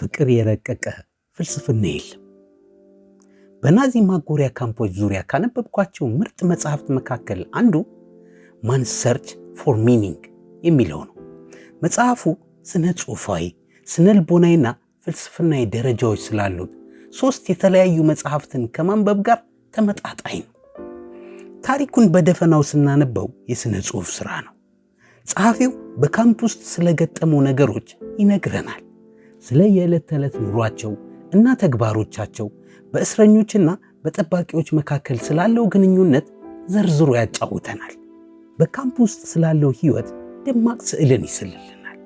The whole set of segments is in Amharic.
ፍቅር የረቀቀ ፍልስፍና የለም። በናዚ ማጎሪያ ካምፖች ዙሪያ ካነበብኳቸው ምርጥ መጽሐፍት መካከል አንዱ ማን ሰርች ፎር ሚኒንግ የሚለው ነው። መጽሐፉ ስነ ጽሑፋዊ፣ ስነ ልቦናዊና ፍልስፍናዊ ደረጃዎች ስላሉት ሶስት የተለያዩ መጽሐፍትን ከማንበብ ጋር ተመጣጣኝ ነው። ታሪኩን በደፈናው ስናነበው የሥነ ጽሑፍ ሥራ ነው። ጸሐፊው በካምፕ ውስጥ ስለገጠሙ ነገሮች ይነግረናል። ስለ የዕለት ተዕለት ኑሯቸው እና ተግባሮቻቸው በእስረኞችና በጠባቂዎች መካከል ስላለው ግንኙነት ዘርዝሮ ያጫውተናል። በካምፕ ውስጥ ስላለው ሕይወት ደማቅ ስዕልን ይስልልናል።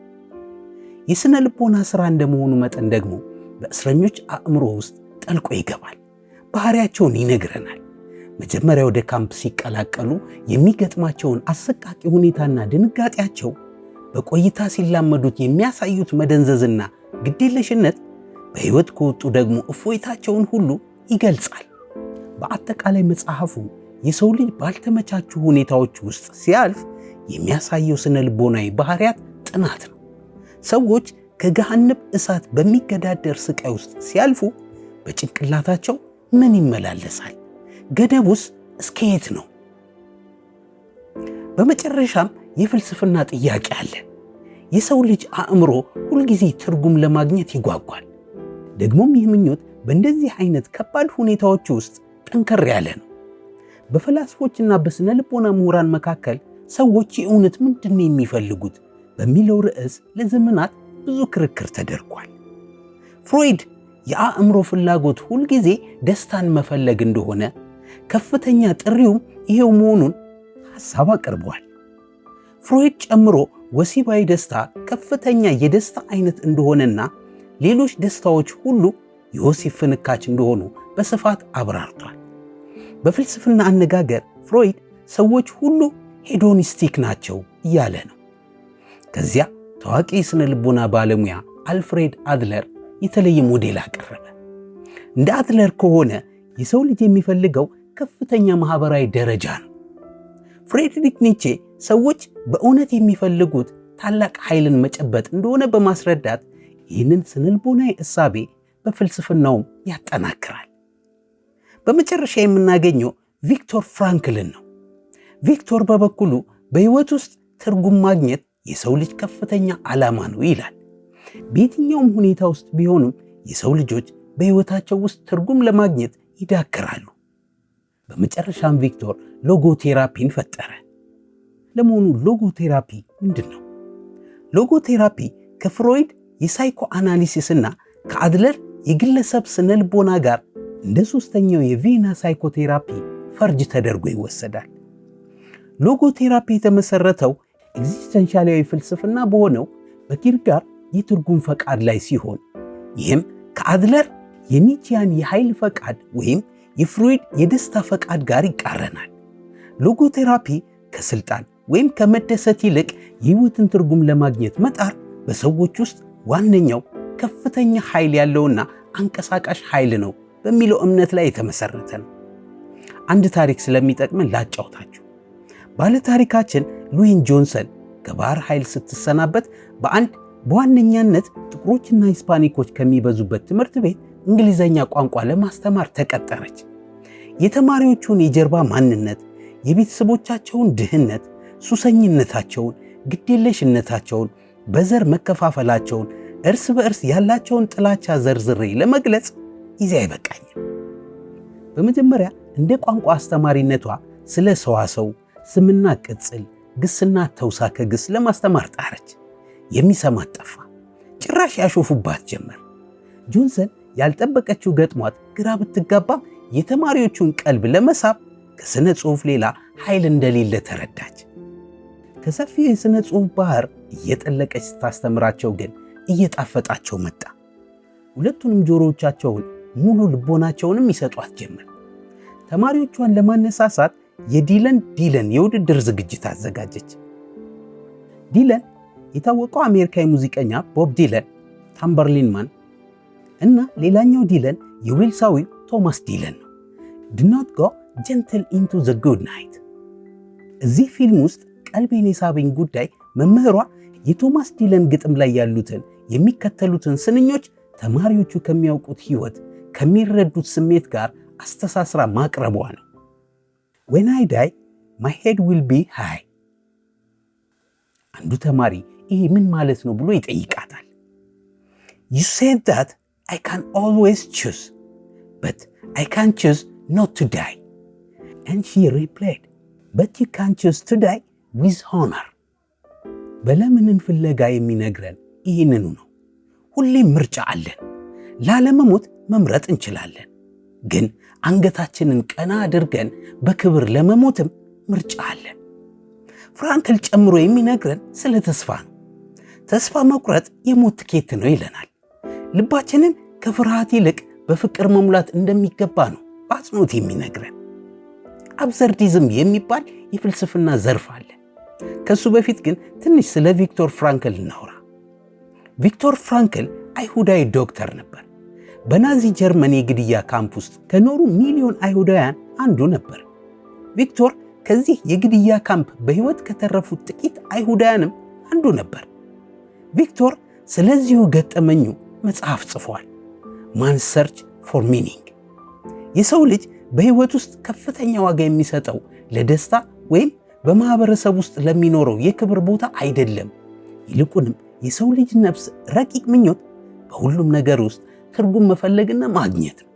የሥነ ልቦና ሥራ እንደመሆኑ መጠን ደግሞ በእስረኞች አእምሮ ውስጥ ጠልቆ ይገባል፣ ባህሪያቸውን ይነግረናል። መጀመሪያ ወደ ካምፕ ሲቀላቀሉ የሚገጥማቸውን አሰቃቂ ሁኔታና ድንጋጤያቸው በቆይታ ሲላመዱት የሚያሳዩት መደንዘዝና ግዴለሽነት በሕይወት ከወጡ ደግሞ እፎይታቸውን ሁሉ ይገልጻል። በአጠቃላይ መጽሐፉ የሰው ልጅ ባልተመቻቹ ሁኔታዎች ውስጥ ሲያልፍ የሚያሳየው ስነ ልቦናዊ ባህሪያት ጥናት ነው። ሰዎች ከገሃነብ እሳት በሚገዳደር ስቃይ ውስጥ ሲያልፉ በጭንቅላታቸው ምን ይመላለሳል? ገደቡስ እስከየት ነው? በመጨረሻም የፍልስፍና ጥያቄ አለ። የሰው ልጅ አእምሮ ሁልጊዜ ትርጉም ለማግኘት ይጓጓል። ደግሞም ይህ ምኞት በእንደዚህ አይነት ከባድ ሁኔታዎች ውስጥ ጠንከር ያለ ነው። በፈላስፎችና በሥነ ልቦና ምሁራን መካከል ሰዎች የእውነት ምንድን ነው የሚፈልጉት በሚለው ርዕስ ለዘመናት ብዙ ክርክር ተደርጓል። ፍሮይድ የአእምሮ ፍላጎት ሁልጊዜ ደስታን መፈለግ እንደሆነ ከፍተኛ ጥሪውም ይሄው መሆኑን ሐሳብ አቅርቧል። ፍሮይድ ጨምሮ ወሲባዊ ደስታ ከፍተኛ የደስታ አይነት እንደሆነና ሌሎች ደስታዎች ሁሉ የወሲብ ፍንካች እንደሆኑ በስፋት አብራርቷል። በፍልስፍና አነጋገር ፍሮይድ ሰዎች ሁሉ ሄዶኒስቲክ ናቸው እያለ ነው። ከዚያ ታዋቂ የሥነ ልቦና ባለሙያ አልፍሬድ አድለር የተለየ ሞዴል አቀረበ። እንደ አድለር ከሆነ የሰው ልጅ የሚፈልገው ከፍተኛ ማኅበራዊ ደረጃ ነው። ፍሬድሪክ ኒቼ ሰዎች በእውነት የሚፈልጉት ታላቅ ኃይልን መጨበጥ እንደሆነ በማስረዳት ይህንን ስነልቦናዊ እሳቤ በፍልስፍናውም ያጠናክራል። በመጨረሻ የምናገኘው ቪክቶር ፍራንክልን ነው። ቪክቶር በበኩሉ በሕይወት ውስጥ ትርጉም ማግኘት የሰው ልጅ ከፍተኛ ዓላማ ነው ይላል። በየትኛውም ሁኔታ ውስጥ ቢሆኑም የሰው ልጆች በሕይወታቸው ውስጥ ትርጉም ለማግኘት ይዳክራሉ። በመጨረሻም ቪክቶር ሎጎቴራፒን ፈጠረ። ለመሆኑ ሎጎቴራፒ ምንድን ነው? ሎጎቴራፒ ከፍሮይድ የሳይኮ አናሊሲስና ከአድለር የግለሰብ ስነልቦና ጋር እንደ ሶስተኛው የቪና ሳይኮቴራፒ ፈርጅ ተደርጎ ይወሰዳል። ሎጎቴራፒ የተመሰረተው ኤግዚስተንሻላዊ ፍልስፍና በሆነው በኪርጋር የትርጉም ፈቃድ ላይ ሲሆን ይህም ከአድለር የኒቺያን የኃይል ፈቃድ ወይም የፍሮይድ የደስታ ፈቃድ ጋር ይቃረናል። ሎጎቴራፒ ከስልጣን ወይም ከመደሰት ይልቅ የህይወትን ትርጉም ለማግኘት መጣር በሰዎች ውስጥ ዋነኛው ከፍተኛ ኃይል ያለውና አንቀሳቃሽ ኃይል ነው በሚለው እምነት ላይ የተመሰረተ ነው። አንድ ታሪክ ስለሚጠቅመን ላጫውታችሁ። ባለታሪካችን ሉዊን ጆንሰን ከባህር ኃይል ስትሰናበት በአንድ በዋነኛነት ጥቁሮችና ሂስፓኒኮች ከሚበዙበት ትምህርት ቤት እንግሊዘኛ ቋንቋ ለማስተማር ተቀጠረች። የተማሪዎቹን የጀርባ ማንነት፣ የቤተሰቦቻቸውን ድህነት፣ ሱሰኝነታቸውን፣ ግዴለሽነታቸውን፣ በዘር መከፋፈላቸውን፣ እርስ በእርስ ያላቸውን ጥላቻ ዘርዝሬ ለመግለጽ ጊዜ አይበቃኝም። በመጀመሪያ እንደ ቋንቋ አስተማሪነቷ ስለ ሰዋሰው፣ ስምና ቅጽል፣ ግስና ተውሳከ ግስ ለማስተማር ጣረች። የሚሰማት ጠፋ። ጭራሽ ያሾፉባት ጀመር። ጆንሰን ያልጠበቀችው ገጥሟት ግራ ብትጋባም የተማሪዎቹን ቀልብ ለመሳብ ከሥነ ጽሑፍ ሌላ ኃይል እንደሌለ ተረዳች። ከሰፊ የሥነ ጽሑፍ ባህር እየጠለቀች ስታስተምራቸው ግን እየጣፈጣቸው መጣ። ሁለቱንም ጆሮዎቻቸውን ሙሉ ልቦናቸውንም ይሰጧት ጀመር። ተማሪዎቿን ለማነሳሳት የዲለን ዲለን የውድድር ዝግጅት አዘጋጀች። ዲለን የታወቀው አሜሪካዊ ሙዚቀኛ ቦብ ዲለን ታምበርሊን ማን እና ሌላኛው ዲለን የዌልሳዊው ቶማስ ዲለን ነው። ድናት ጎ ጀንትል ኢንቱ ዘ ጉድ ናይት። እዚህ ፊልም ውስጥ ቀልቤን የሳበኝ ጉዳይ መምህሯ የቶማስ ዲለን ግጥም ላይ ያሉትን የሚከተሉትን ስንኞች ተማሪዎቹ ከሚያውቁት ሕይወት ከሚረዱት ስሜት ጋር አስተሳስራ ማቅረቧ ነው። ዌን አይ ዳይ ማይ ሄድ ዊል ቢ ሃይ። አንዱ ተማሪ ይሄ ምን ማለት ነው ብሎ ይጠይቃታል። ዩ ሴድ ዳት I can always choose, but I can choose not to die. And she replied, But you can choose to die with honor. በለምንን ፍለጋ የሚነግረን ይህንኑ ነው። ሁሌም ምርጫ አለን። ላለመሞት መምረጥ እንችላለን፣ ግን አንገታችንን ቀና አድርገን በክብር ለመሞትም ምርጫ አለን። ፍራንክል ጨምሮ የሚነግረን ስለ ተስፋ ነው። ተስፋ መቁረጥ የሞት ትኬት ነው ይለናል። ልባችንን ከፍርሃት ይልቅ በፍቅር መሙላት እንደሚገባ ነው በአጽንኦት የሚነግረን። አብዘርዲዝም የሚባል የፍልስፍና ዘርፍ አለ። ከሱ በፊት ግን ትንሽ ስለ ቪክቶር ፍራንክል እናውራ። ቪክቶር ፍራንክል አይሁዳዊ ዶክተር ነበር። በናዚ ጀርመን የግድያ ካምፕ ውስጥ ከኖሩ ሚሊዮን አይሁዳውያን አንዱ ነበር። ቪክቶር ከዚህ የግድያ ካምፕ በሕይወት ከተረፉት ጥቂት አይሁዳውያንም አንዱ ነበር። ቪክቶር ስለዚሁ ገጠመኙ መጽሐፍ ጽፏል። ማን ሰርች ፎር ሚኒንግ። የሰው ልጅ በህይወት ውስጥ ከፍተኛ ዋጋ የሚሰጠው ለደስታ ወይም በማህበረሰብ ውስጥ ለሚኖረው የክብር ቦታ አይደለም። ይልቁንም የሰው ልጅ ነፍስ ረቂቅ ምኞት በሁሉም ነገር ውስጥ ትርጉም መፈለግና ማግኘት ነው።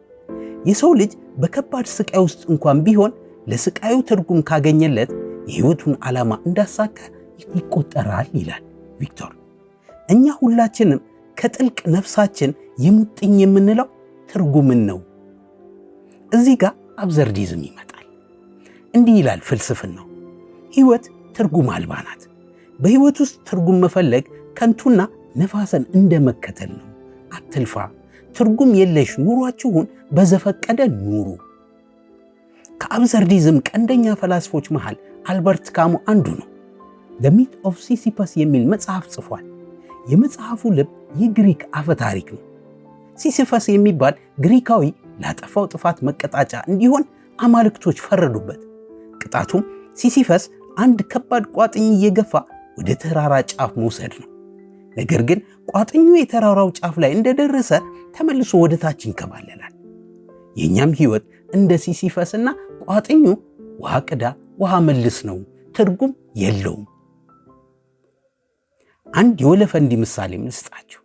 የሰው ልጅ በከባድ ስቃይ ውስጥ እንኳን ቢሆን ለስቃዩ ትርጉም ካገኘለት የህይወቱን ዓላማ እንዳሳካ ይቆጠራል ይላል ቪክቶር። እኛ ሁላችንም ከጥልቅ ነፍሳችን ይሙጥኝ የምንለው ትርጉምን ነው። እዚህ ጋር አብዘርዲዝም ይመጣል። እንዲህ ይላል ነው። ሕይወት ትርጉም አልባ ናት። በሕይወት ውስጥ ትርጉም መፈለግ ከንቱና ነፋሰን እንደ መከተል ነው። አትልፋ፣ ትርጉም የለሽ ኑሯችሁን በዘፈቀደ ኑሩ። ከአብዘርዲዝም ቀንደኛ ፈላስፎች መሃል አልበርት ካሙ አንዱ ነው። ዘ ሚት ኦፍ ሲሲፐስ የሚል መጽሐፍ ጽፏል። የመጽሐፉ ልብ የግሪክ አፈ ታሪክ ነው። ሲሲፈስ የሚባል ግሪካዊ ላጠፋው ጥፋት መቀጣጫ እንዲሆን አማልክቶች ፈረዱበት። ቅጣቱም ሲሲፈስ አንድ ከባድ ቋጥኝ እየገፋ ወደ ተራራ ጫፍ መውሰድ ነው። ነገር ግን ቋጥኙ የተራራው ጫፍ ላይ እንደደረሰ ተመልሶ ወደ ታች ይንከባለላል። የእኛም ሕይወት እንደ ሲሲፈስና ቋጥኙ ውሃ ቅዳ ውሃ መልስ ነው፣ ትርጉም የለውም። አንድ የወለፈንዲ ምሳሌም ልስጣችሁ።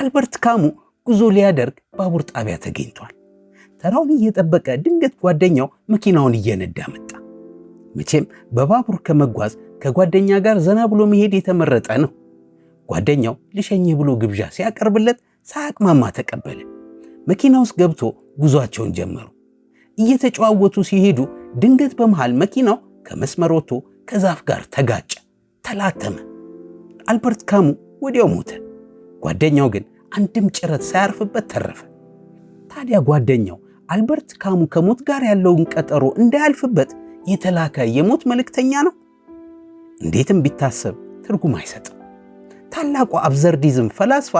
አልበርት ካሙ ጉዞ ሊያደርግ ባቡር ጣቢያ ተገኝቷል። ተራውን እየጠበቀ ድንገት ጓደኛው መኪናውን እየነዳ መጣ። መቼም በባቡር ከመጓዝ ከጓደኛ ጋር ዘና ብሎ መሄድ የተመረጠ ነው። ጓደኛው ልሸኝህ ብሎ ግብዣ ሲያቀርብለት ሳያቅማማ ተቀበለ። መኪና ውስጥ ገብቶ ጉዟቸውን ጀመሩ። እየተጨዋወቱ ሲሄዱ ድንገት በመሃል መኪናው ከመስመር ወጥቶ ከዛፍ ጋር ተጋጨ፣ ተላተመ። አልበርት ካሙ ወዲያው ሞተ። ጓደኛው ግን አንድም ጭረት ሳያርፍበት ተረፈ። ታዲያ ጓደኛው አልበርት ካሙ ከሞት ጋር ያለውን ቀጠሮ እንዳያልፍበት የተላከ የሞት መልእክተኛ ነው? እንዴትም ቢታሰብ ትርጉም አይሰጥም። ታላቁ አብዘርዲዝም ፈላስፋ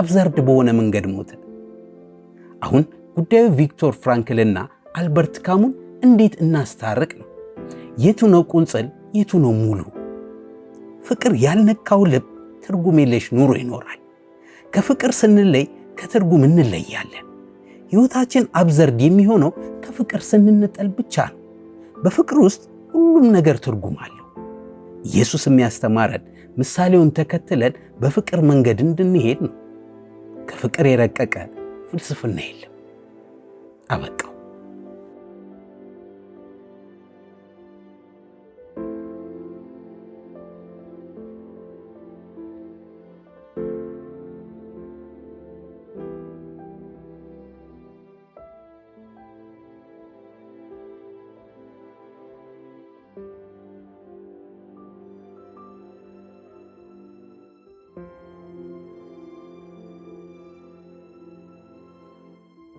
አብዘርድ በሆነ መንገድ ሞተ። አሁን ጉዳዩ ቪክቶር ፍራንክልና አልበርት ካሙን እንዴት እናስታርቅ ነው። የቱ ነው ቁንጽል፣ የቱ ነው ሙሉ? ፍቅር ያልነካው ልብ ትርጉም የለሽ ኑሮ ይኖራል። ከፍቅር ስንለይ ከትርጉም እንለያለን። ሕይወታችን አብዘርድ የሚሆነው ከፍቅር ስንነጠል ብቻ ነው። በፍቅር ውስጥ ሁሉም ነገር ትርጉም አለው። ኢየሱስ የሚያስተማረን ምሳሌውን ተከትለን በፍቅር መንገድ እንድንሄድ ነው። ከፍቅር የረቀቀ ፍልስፍና የለም። አበቃው።